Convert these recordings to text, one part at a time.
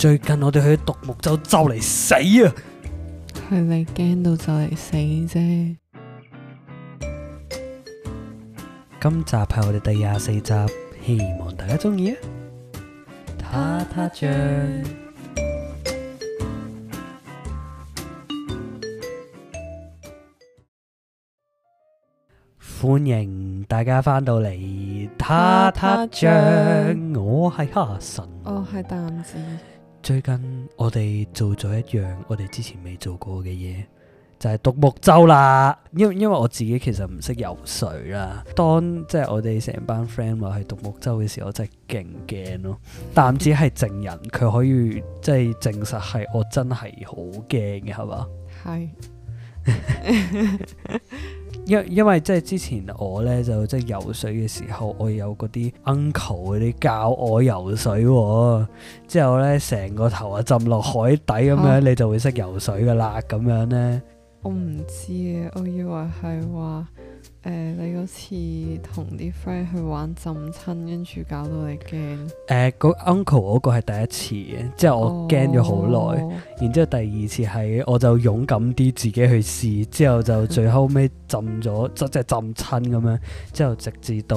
最近我哋去獨木舟就嚟死啊！係你驚到就嚟死啫。今集係我哋第廿四集，希望大家中意啊！他他醬，歡迎大家翻到嚟，他他醬，我係哈神，我係彈子。最近我哋做咗一樣我哋之前未做過嘅嘢，就係獨木舟啦。因為，因為我自己其實唔識游水啦。當即係我哋成班 friend 話係獨木舟嘅時候，我真係勁驚咯。但只係證人，佢 可以即係證實，係我真係好驚嘅，係嘛？係。 因因為即係之前我咧就即係游水嘅時候，我有嗰啲 uncle 嗰啲教我游水、哦，之後咧，成個頭啊浸落海底咁樣，啊、你就會識游水噶啦咁樣咧。我唔知啊，我以為係話。誒、呃，你嗰次同啲 friend 去玩浸親，跟住搞到你驚？uncle 嗰個係第一次嘅，之後我驚咗好耐，哦、然之後第二次係我就勇敢啲自己去試，之後就最後尾浸咗， 即係浸親咁樣，之後直至到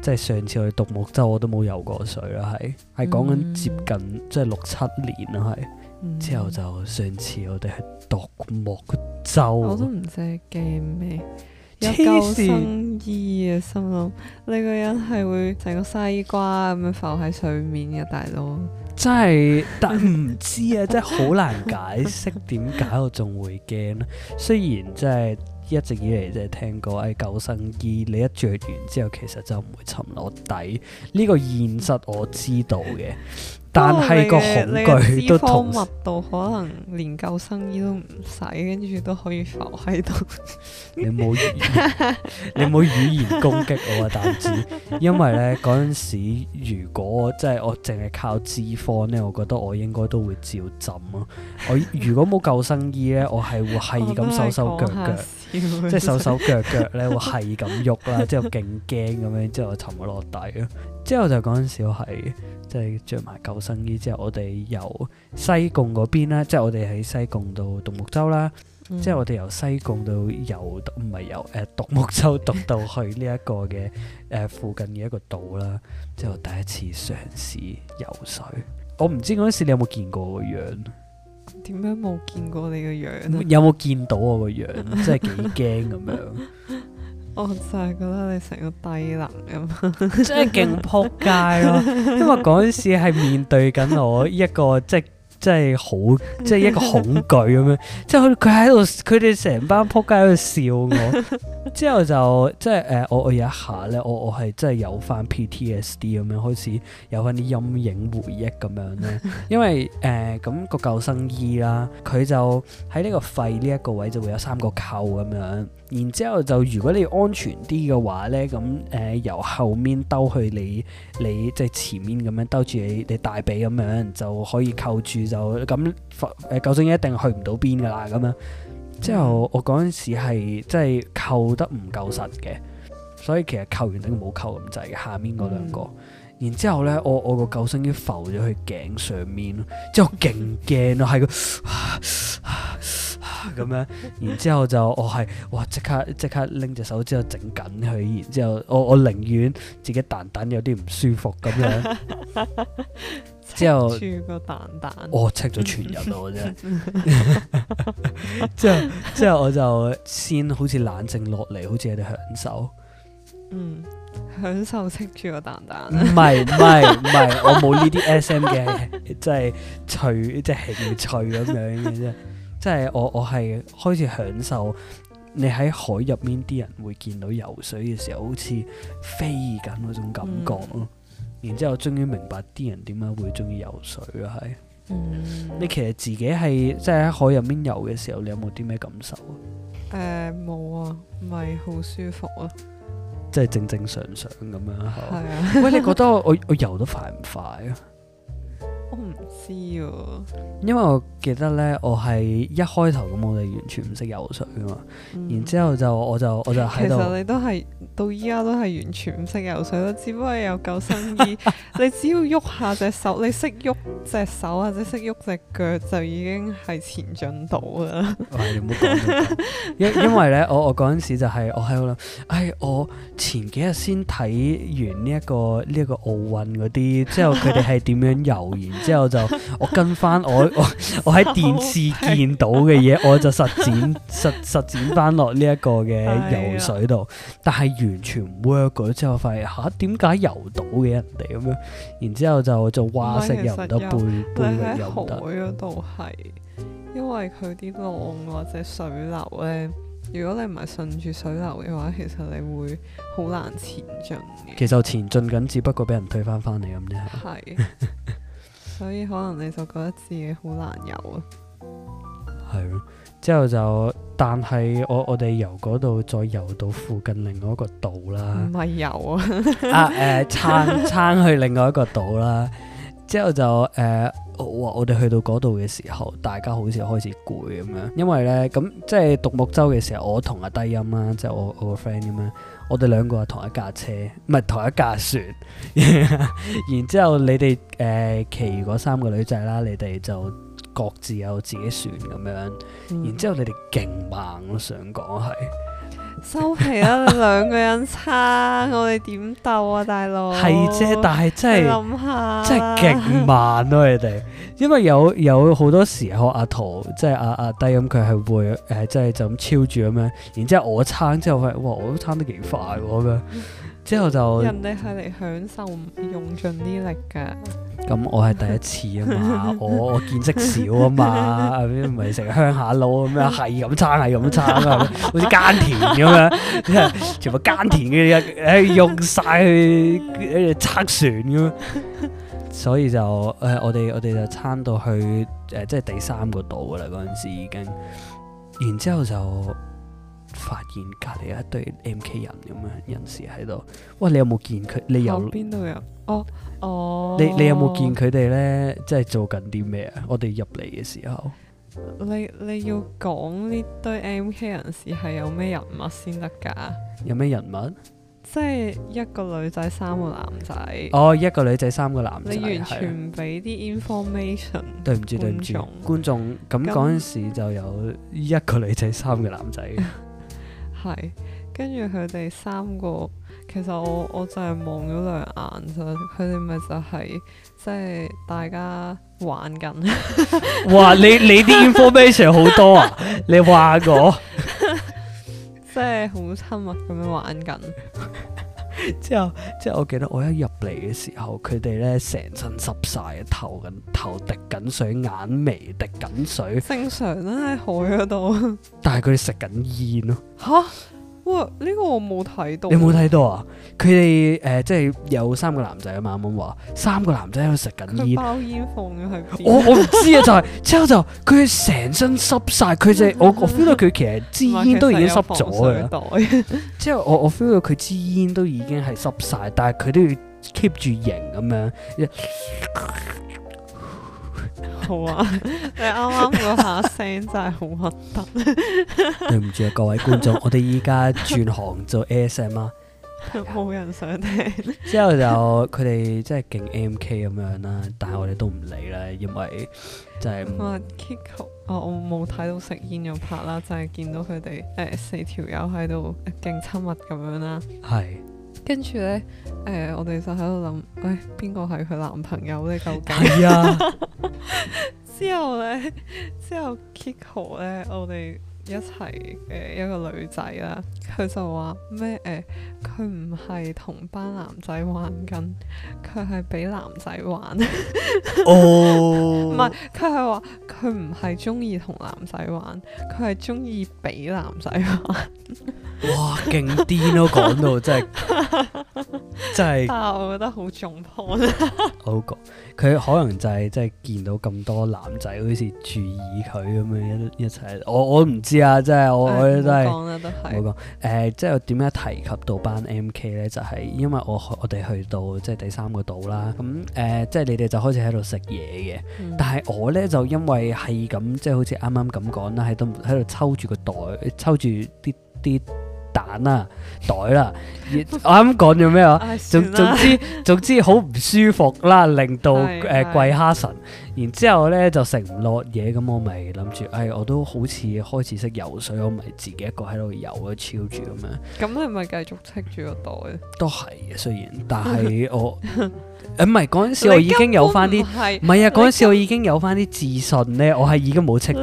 即係上次去獨木舟，我都冇游過水啦，係係講緊接近即係六七年啦，係、嗯、之後就上次我哋去獨木舟，我都唔知驚咩。救生衣啊，心諗呢個人係會成個西瓜咁樣浮喺水面嘅，大佬真係，但唔知啊， 真係好難解釋點解我仲會驚咧。雖然即係一直以嚟，即係聽過，誒、哎、救生衣你一着完之後，其實就唔會沉落底，呢、呢個現實我知道嘅。但係個恐懼都同，密度可能連救生衣都唔使，跟住都可以浮喺度。你冇語言， 你冇語言攻擊我啊！但係，因為咧嗰陣時，如果即係我淨係靠脂肪咧，我覺得我應該都會照浸咯，啊。我如果冇救生衣咧， 我係會係咁腳手手腳腳，即係手手腳腳咧會係咁喐啦，之後勁驚咁樣，之後沉咗落底咯。之後就嗰陣時係即係着埋救生衣，之後我哋由西貢嗰邊啦，即係我哋喺西貢到獨木舟啦，嗯、即係我哋由西貢到遊，唔係遊誒獨木舟，獨、呃、到去呢一個嘅誒附近嘅一個島啦。之後 第一次嘗試游水，我唔知嗰陣時你有冇見過我個樣，點樣冇見過你個樣？有冇見到我個樣？即係幾驚咁樣。 我就係覺得你成個低能咁， 真係勁撲街咯，啊，因為嗰陣時係面對緊我一個即。真係好，即係一個恐懼咁樣，即係佢喺度，佢哋成班撲街喺度笑我， 之後就即係誒，我我有一下咧，我我係真係有翻 PTSD 咁樣，開始有翻啲陰影回憶咁樣咧，因為誒咁、呃、那個救生衣啦，佢就喺呢個肺呢一個位就會有三個扣咁樣，然之後就如果你安全啲嘅話咧，咁誒、呃、由後面兜去你你即係前面咁樣兜住你你大髀咁樣就可以扣住。就咁誒救生衣一定去唔到邊噶啦，咁樣之後我嗰陣時係即係扣得唔夠實嘅，所以其實扣完頂冇扣咁滯，下面嗰兩個，嗯、然之後咧我我個救生衣浮咗去頸上面咯。之後勁驚、 就是、啊、係、啊、咁、啊啊啊、樣，然之後就我係哇即刻即刻拎隻手之後整緊佢，然之後我我寧願自己蛋蛋有啲唔舒服咁樣。 之後，個蛋蛋，我踢咗全入到啫。之 後之後我就先好似冷靜落嚟，好似喺度享受。嗯，享受踢住個蛋蛋。唔係唔係唔係，我冇呢啲 SM 嘅、 就是，即係趣即係興趣咁樣嘅啫。即、就、係、是、我我係開始享受你喺海入面啲人會見到游水嘅時候，好似飛緊嗰種感覺咯。嗯然之後，終於明白啲人點解會中意游水咯，係。嗯，你其實自己係即係喺海入面游嘅時候，你有冇啲咩感受、呃、啊？誒，冇啊，唔係好舒服啊，即係正正常常咁樣。係是啊， 喂，你覺得我我游得快唔快啊？我唔知啊，因為我記得咧，我係一開頭咁、嗯，我哋完全唔識游水㗎嘛。然之後就我就我就係其實你都係到依家都係完全唔識游水咯，只不過有救生衣， 你只要喐下隻手，你識喐隻手或者識喐隻腳，就已經係前進到啦。你唔好講，因 因為咧，我我嗰陣時就係、是、我喺度諗，唉、哎，我前幾日先睇完呢、這、一個呢一、這個奧運嗰啲，之後佢哋係點樣游完。 之後就我跟翻我我我喺電視見到嘅嘢，我就實踐實實踐翻落呢一個嘅游水度，了但係完全唔 work 嘅。之後發現嚇，點解游到嘅人哋咁樣，然之後就就蛙式遊唔得，背背泳遊唔得。海嗰度係因為佢啲浪或者水流咧，如果你唔係順住水流嘅話，其實你會好難前進。其實前進緊，只不過俾人推翻翻嚟咁啫。係。的 所以可能你就覺得自己好難游啊，係咯、啊。之後就，但係我我哋由嗰度再游到附近另外一個島啦，唔係游啊， 啊誒、呃、撐撐去另外一個島啦。 之後就誒、呃，我我哋去到嗰度嘅時候，大家好似開始攰咁樣，因為呢咁即係獨木舟嘅時候，我同阿低音啦，即係我我個 friend 咁樣，我哋兩個係同一架車，唔係同一架船。 然之後你哋誒、呃，其餘嗰三個女仔啦，你哋就各自有自己船咁樣。然之後你哋勁猛，我想講係。收皮啦！你兩個人撐， 我哋點鬥啊，大佬？係啫，但係真係諗下， 真係極慢咯、啊，你哋。因為有有好多時候阿陶，即係阿阿低咁，佢係會誒，即、啊、係就咁、係、超住咁樣。然之後我撐之後，佢話哇，我都撐得幾快喎、啊、咁。 之後就人哋係嚟享受，用盡啲力噶，咁、嗯、我係第一次啊嘛， 我我見識少啊嘛，唔係成鄉下佬咁樣係咁撐係咁撐啊，好似耕田咁樣，全部耕田嘅嘢誒用晒去誒拆船咁，所以就誒、呃、我哋我哋就撐到去誒、呃、即係第三個島啦嗰陣時已經，然之後就。發現隔離有一堆 MK 人咁樣人士喺度，喂，你有冇見佢？你有邊度入？哦哦，你你有冇見佢哋咧？即係做緊啲咩啊？我哋入嚟嘅時候，你你要講呢堆 MK 人士係有咩人物先得㗎？有咩人物？即係一個女仔三個男仔。哦，一個女仔三個男仔，你完全唔俾啲 information 對眾對。對唔住對唔住，觀眾咁嗰陣時就有一個女仔三個男仔。 係，跟住佢哋三個，其實我我就係望咗兩眼，佢哋咪就係即係大家玩緊。 哇！你你啲 information 好多啊！ 你話我， 即係好親密咁樣玩緊。 之後之後我記得我一入嚟嘅時候，佢哋咧成身濕晒，頭緊頭滴緊水，眼眉滴緊水，正常啦、啊、喺海嗰度， 但係佢哋食緊煙咯吓。哇！呢、這個我冇睇到，你冇睇到啊？佢哋誒即係有三個男仔啊嘛，啱啱話三個男仔喺度食緊煙，包煙放喺我，我唔知啊， 就係、是、之後就佢成身濕晒。佢 就我我 feel 到佢其實支煙都已經濕咗嘅，之後我我 feel 到佢支煙都已經係濕晒， 但係佢都要 keep 住型咁樣。好啊！ 你啱啱嗰下聲真係好核突。對唔住啊，各位觀眾，我哋依家轉行做 ASMR 啦，冇 人想聽。 之後就佢哋真係勁 MK 咁樣啦，但係我哋都唔理啦，因為真係。哇 Kiko，哦、我我冇睇到食煙又拍啦，就係見到佢哋誒四條友喺度勁親密咁樣啦。係。跟住咧，誒、呃，我哋就喺度諗，誒、欸，邊個係佢男朋友咧？究竟？啊、哎呀。 之後咧，之後 Kiko 咧，我哋一齊誒一個女仔啦，佢就話咩誒？佢唔係同班男仔玩緊，佢係俾男仔玩。哦、 oh. 唔係，佢係話佢唔係中意同男仔玩，佢係中意俾男仔玩。 哇，勁癲咯！講到真係 真係是、啊，我覺得好重。好 佢 可能就係即係見到咁多男仔好似注意佢咁樣一一齊，我我唔知啊、呃！即係我我都係冇講都係好講。誒，即係點樣提及到班 M K 咧？就係、是、因為我我哋去到即係第三個島啦。咁、呃、誒，即係你哋就開始喺度食嘢嘅，嗯、但係我咧就因為係咁，即係好似啱啱咁講啦，喺度喺度抽住個袋，抽住啲啲。蛋啦、啊、袋啦、啊，我啱講咗咩話？總之總之好唔舒服啦，令到誒貴蝦神， 是的 然之後咧就食唔落嘢，咁我咪諗住，誒我都好似開始識游水，我咪自己一個喺度游啊，漂住咁樣。咁係咪繼續戚住個袋？都係嘅，雖然但係我誒唔係嗰陣時我已經有翻啲，唔係啊，嗰陣時我已經有翻啲自信咧，跟我係已經冇戚住。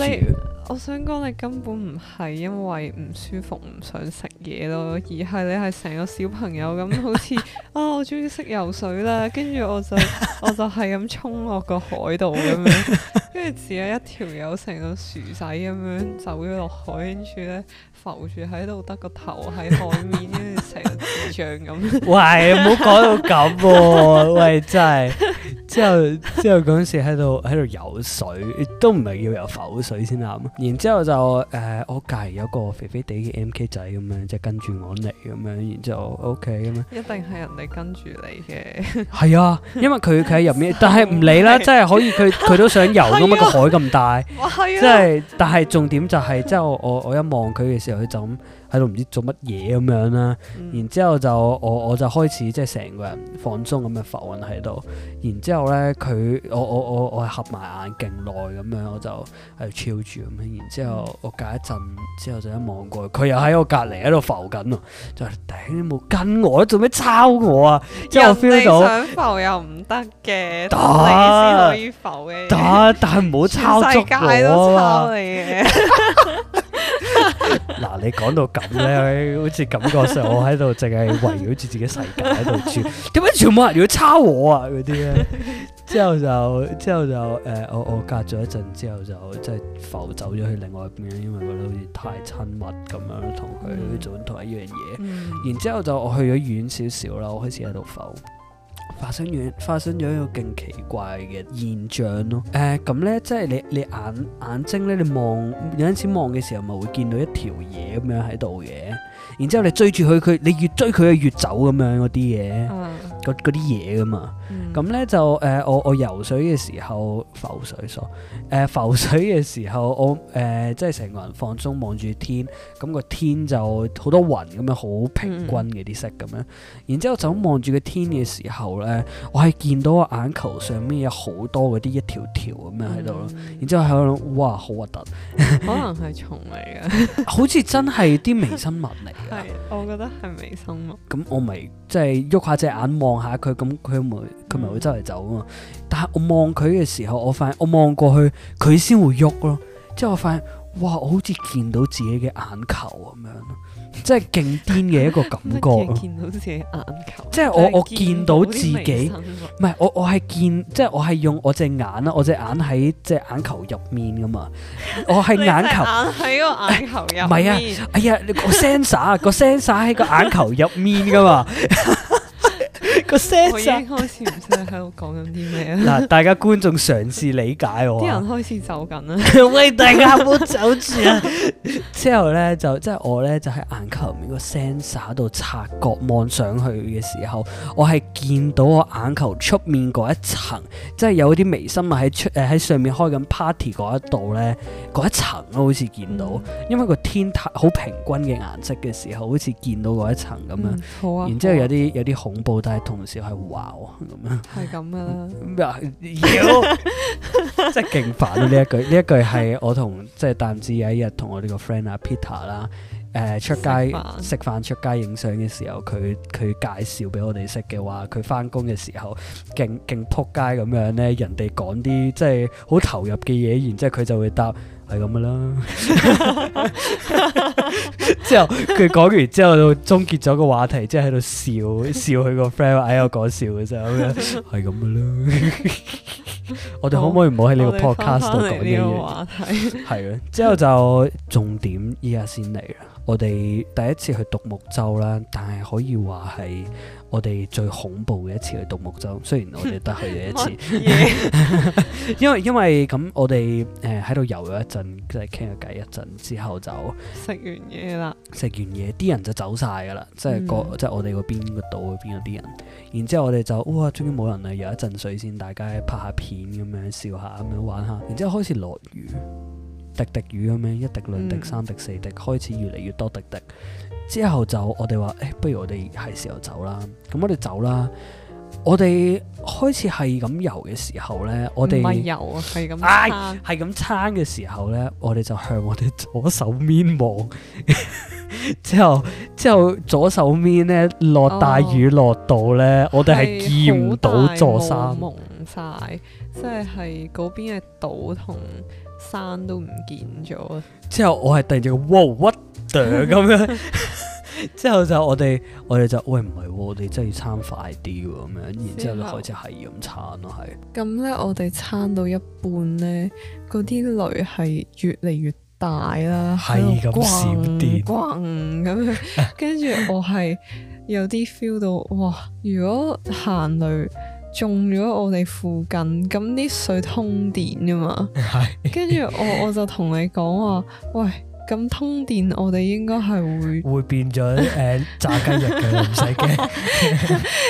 我想講，你根本唔係因為唔舒服唔想食嘢咯，而係你係成個小朋友咁，好似啊、 哦、我終於識游水啦，跟住我就我就係咁沖落個海度咁樣，跟住只有一條友成個薯仔咁樣走咗落海，跟住咧浮住喺度得個頭喺海面，跟住成個智障咁。 喂，唔好講到咁喎、啊， 喂仔。真之後之後嗰陣時喺度喺度游水，亦都唔係要游浮水先啦。然之後就誒、呃，我隔籬有個肥肥地嘅 M K 仔咁樣，即係跟住我嚟咁樣。然之後 O K 咁樣。Okay, 嗯、一定係人哋跟住你嘅。係啊，因為佢企喺入面，但係唔理啦， 即係可以，佢佢都想游，咁 對啊個 海咁大， 對啊、即係。但係重點就係、是，即係 我我我一望佢嘅時候，佢就咁。喺度唔知做乜嘢咁樣啦，嗯、然之後就我我就開始即係成個人放鬆咁樣浮雲喺度，然之後咧佢我我我我係合埋眼勁耐咁樣，我就喺度超住咁樣，然之後我隔一陣之後就一望過，佢又喺我隔離喺度浮緊咯，就係頂你冇跟我，做咩抄我啊？feel 到人哋想浮又唔得嘅，打你先可以浮嘅。啊！但係唔好抄足我啊！ 嗱、啊，你講到咁咧，哎，好似感覺上我喺度淨係圍繞住自己世界喺度轉，點解全部人要叉我啊？嗰啲咧，之後就之後就誒、呃，我我隔咗一陣之後就即係浮走咗去另外一邊，因為覺得好似太親密咁樣，同佢做同一樣嘢。嗯、然之後就我去咗遠少少啦，我開始喺度浮。發生咗發生咗一個勁奇怪嘅現象咯，誒咁咧，即係你你眼眼睛咧，你望有陣時望嘅時候，咪會見到一條嘢咁樣喺度嘅，然之後你追住佢，佢你越追佢，佢越走咁樣嗰啲嘢，嗰啲嘢㗎嘛。嗯咁咧就誒，我、呃、我游水嘅時候浮水所，誒、呃、浮水嘅時候我誒、呃、即係成個人放鬆望住天，咁個天就好多雲咁、嗯、樣好平均嘅啲色咁樣，然之後就望住個天嘅時候咧，嗯、我係見到個眼球上面有好多嗰啲一條條咁樣喺度咯，嗯、然之後喺度諗哇好核突， 可能係蟲嚟嘅， 好似真係啲微生物嚟嘅，係 我覺得係微生物。咁我咪即係喐下隻眼望下佢，咁佢咪會周圍走啊嘛！但係我望佢嘅時候，我發現我望過去，佢先會喐咯。即係我發現，哇！我好似見到自己嘅眼球咁樣，即係勁癲嘅一個感覺。見到自己眼球，即係我我見到自己，唔係、啊、我我係見，即係我係用我隻眼啦，我隻眼喺隻眼球入面噶嘛。我係眼球喺個眼球唔係、哎、啊，哎呀，你、個 sensor 個 sensor 喺個眼球入面噶嘛。 個 sensor 已經開始唔知喺度講緊啲咩啦。嗱，大家觀眾嘗試理解我。啲 人開始走緊啦。喂，大家唔好走住啦。之後咧就即係我咧就喺眼球面個 sensor 度察覺望上去嘅時候，我係見到我眼球出面嗰一層，即係有啲微生物喺出喺上面開緊 party 嗰一度咧，嗰一層我好似見到。因為個天好平均嘅顏色嘅時候，好似見到嗰一層咁樣，嗯。好啊。然之後有啲有啲恐怖，但係同同時係哇咁樣係咁噶啦。咩啊？ 妖，即係勁煩啊！呢一句，呢一句係我同即係但至有一日同我哋個 friend 啊 Peter 啦。誒，呃、出街吃飯 食飯、出街影相嘅時候，佢佢介紹俾我哋識嘅話，佢翻工嘅時候，勁勁扑街咁樣咧，人哋講啲即係好投入嘅嘢，然後、就是、 之後佢就會答係咁噶啦。之後佢講完之後，就終結咗個話題，即係喺度笑笑佢個 friend，話哎我講笑嘅時候，係咁噶啦。 我哋可唔可以唔好喺呢個 podcast 度講嘢以？個係啊，之後就重點依家先嚟啦。我哋第一次去獨木舟啦，但係可以話係我哋最恐怖嘅一次去獨木舟。雖然我哋得去嘅一次， 因為因為咁我哋誒喺度游咗一陣，即係傾下偈一陣之後就食完嘢啦。食完嘢啲人就走晒噶啦，即係個、嗯、即係我哋嗰邊個島嗰邊嗰啲人。然之後我哋就哇，終於冇人啦，游一陣水先，大家拍下片咁樣，笑下咁樣玩下。然之後開始落雨。滴滴雨咁樣，一滴兩滴三滴四滴，開始越嚟越多滴滴。之後就我哋話，誒、欸，不如我哋係時候走啦。咁我哋走啦。我哋開始係咁游嘅時候呢，我哋游啊，係咁係咁撐嘅時候呢，我哋就向我哋左手面望。之後之後左手面呢，落大雨落到呢，哦、我哋係見唔到座山蒙，蒙晒，即係係嗰邊嘅島同。山都唔見咗，之後我係突然之間哇，what 咁樣， 之後就我哋我哋就喂，唔係喎，我哋、啊、真係要撐快啲喎咁樣， 然之後就開始係咁撐咯，係。咁咧，我哋撐到一半咧，嗰啲雷係越嚟越大啦，係咁閃啲，轟咁樣，跟住我係有啲 feel 到哇，如果行雷。中咗喺我哋附近，咁啲水通電噶嘛？跟住 我我就同你講話，喂。咁通電，我哋應該係會會變咗誒、呃、炸雞翼嘅，唔使驚。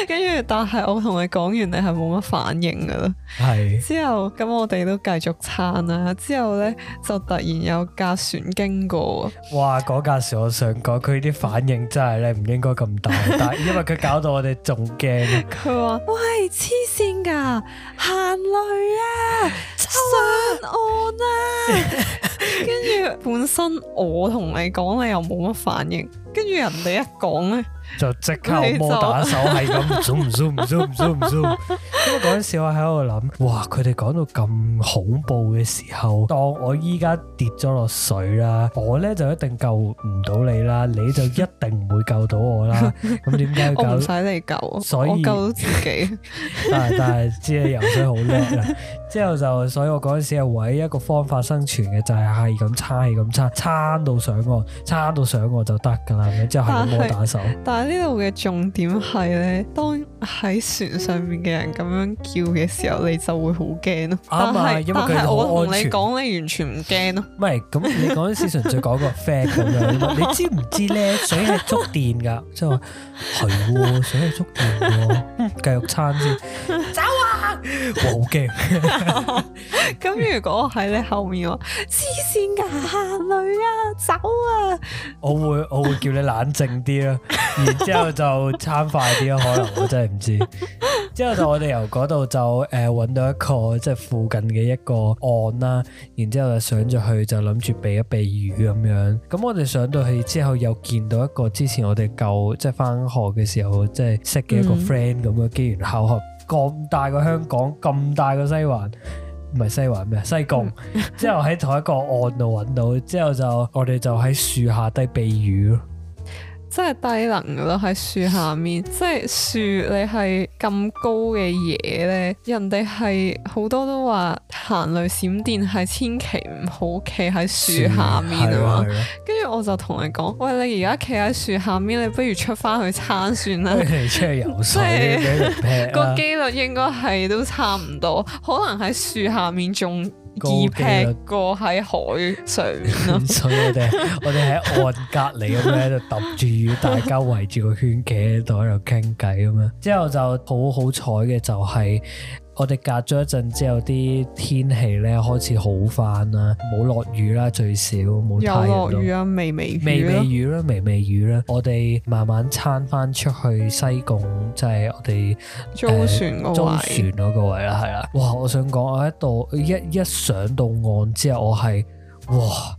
跟住，但係我同你講完，你係冇乜反應噶啦。係是之後咁，我哋都繼續撐啦。之後咧就突然有架船經過啊！哇，嗰架船，我想講佢啲反應真係咧唔應該咁大，但係因為佢搞到我哋仲驚。佢話： 喂，黐線！噶行雷啊，上岸啊，跟住本身我同你講，你又冇乜反應，跟住人哋一講咧。就即刻摸打手，係咁 zoom zoom zoom zoom zoom zoom。咁嗰陣時我喺度諗，哇！佢哋講到咁恐怖嘅時候，當我依家跌咗落水啦，我呢就一定救唔到你啦，你就一定唔會救到我啦。咁點解要救？唔使你救，所以救自己。但係但係，知你游水好叻啦。之後就，所以我嗰陣時係唯一個方法生存嘅，就係係咁撐，係咁撐，撐到上岸，撐到上岸就得噶啦。之後係摸打手。呢度嘅重點係咧，當喺船上面嘅人咁樣叫嘅時候，你就會好驚咯。但係，因為但係我同你講，你完全唔驚咯。唔係， 咁你講啲事情再講個 fact 咁樣你知唔知咧？水係觸電㗎，即係話，係喎，水係觸電喎。 繼續撐先，走。我好驚，咁如果我喺你後面話黐線噶，女啊，走啊！我會我會叫你冷靜啲咯， 然之後就撐快啲咯。可能我真係唔知，之後我就我哋由嗰度就誒搵到一個即係、就是、附近嘅一個岸啦，然之後上咗去就諗住避一避雨咁樣。咁我哋上到去之後又見到一個之前我哋舊即係返學嘅時候即係、就是、識嘅一個 friend 咁樣機緣巧合。嗯咁大個香港，咁大個西環，唔係西環咩？西貢，之後喺同一個岸度揾到，之後就我哋就喺樹下低避雨咯。真係低能咯！喺樹下面，即係樹你係咁高嘅嘢咧，人哋係好多都話行雷閃電係千祈唔好企喺樹下面啊嘛。跟住我就同你講，嗎喂，你而家企喺樹下面，你不如出翻去撐算啦。 出去游水，個機 率應該係都差唔多，可能喺樹下面仲。二撇個喺海上， 所以我哋我哋喺岸隔離咁樣 就揼住大家圍住個圈企喺度喺度傾偈咁樣，之後就好好彩嘅就係、是。我哋隔咗一陣之後，啲天氣咧開始好翻啦，冇落雨啦，最少冇太陽雨啊，微微微微雨啦，微微雨啦。我哋慢慢撐翻出去西貢，即、就、係、是、我哋租船嗰位、呃、中船嗰個位啦，係啦。哇！我想講，我喺度一一上到岸之後，我係哇～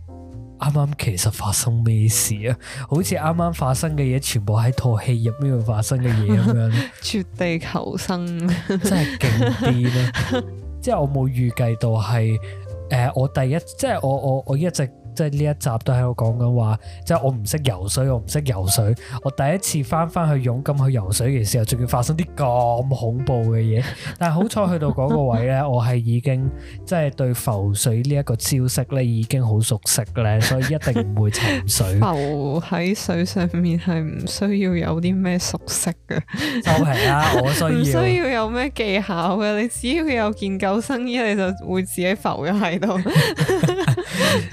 啱啱其實發生咩事啊？好似啱啱發生嘅嘢，全部喺套戲入面發生嘅嘢咁樣。 絕地求生 真係勁啲啊！ 即係我冇預計到係誒、呃，我第一即係我我我一直。即係呢一集都喺度講緊話，即係我唔識游水，我唔識游水，我第一次翻翻去勇金去游水嘅時候，仲要發生啲咁恐怖嘅嘢。但係好彩去到嗰個位呢， 我係已經即係對浮水呢一個招式呢已經好熟悉咧，所以一定唔會沉水。 浮喺水上面係唔需要有啲咩熟悉嘅，都係啊，我需要。唔需要有咩技巧嘅，你只要有件救生衣，你就會自己浮咗喺度。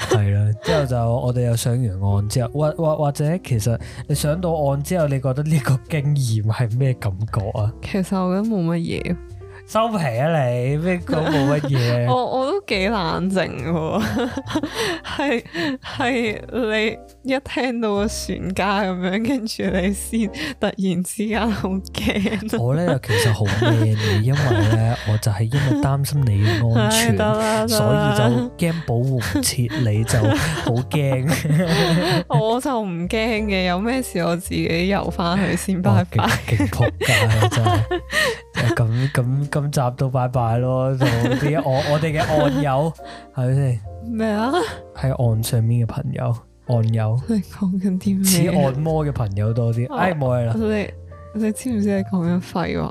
係啦， 之後就我哋又上完岸之後，或或或者，其實你上到岸之後，你覺得呢個經驗係咩感覺啊？其實我覺得冇乜嘢。收皮啊你咩都冇乜嘢。 我我都幾冷靜嘅，係 係你一聽到個船家咁樣，跟住你先突然之間好驚。 我咧又其實好驚嘅， 因為咧我就係因為擔心你安全， 所以就驚保護唔切， 你就好驚。 我就唔驚嘅，有咩事我自己游翻去先，拜拜。極扑噶真係。 咁咁今集都拜拜咯，同啲我我哋嘅岸友係咪先？咩啊 吧？喺岸上面嘅朋友，岸友。你講緊啲咩？似按摩嘅朋友多啲。啊、哎，冇嘢啦。你你知唔知你講緊廢話？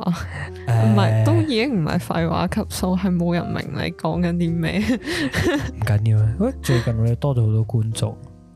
唔係、哎，都已經唔係廢話級數，係冇人明你講緊啲咩。唔緊要啊。喂，最近我哋多咗好多觀眾。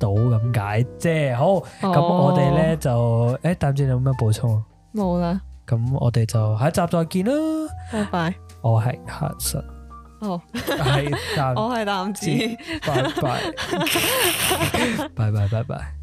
到咁解，即係好。咁我哋咧就誒，淡子你有咩補充啊？冇啦。咁我哋就下一集再見啦。拜拜。我係黑實。哦。我係淡子。拜拜。拜拜拜拜。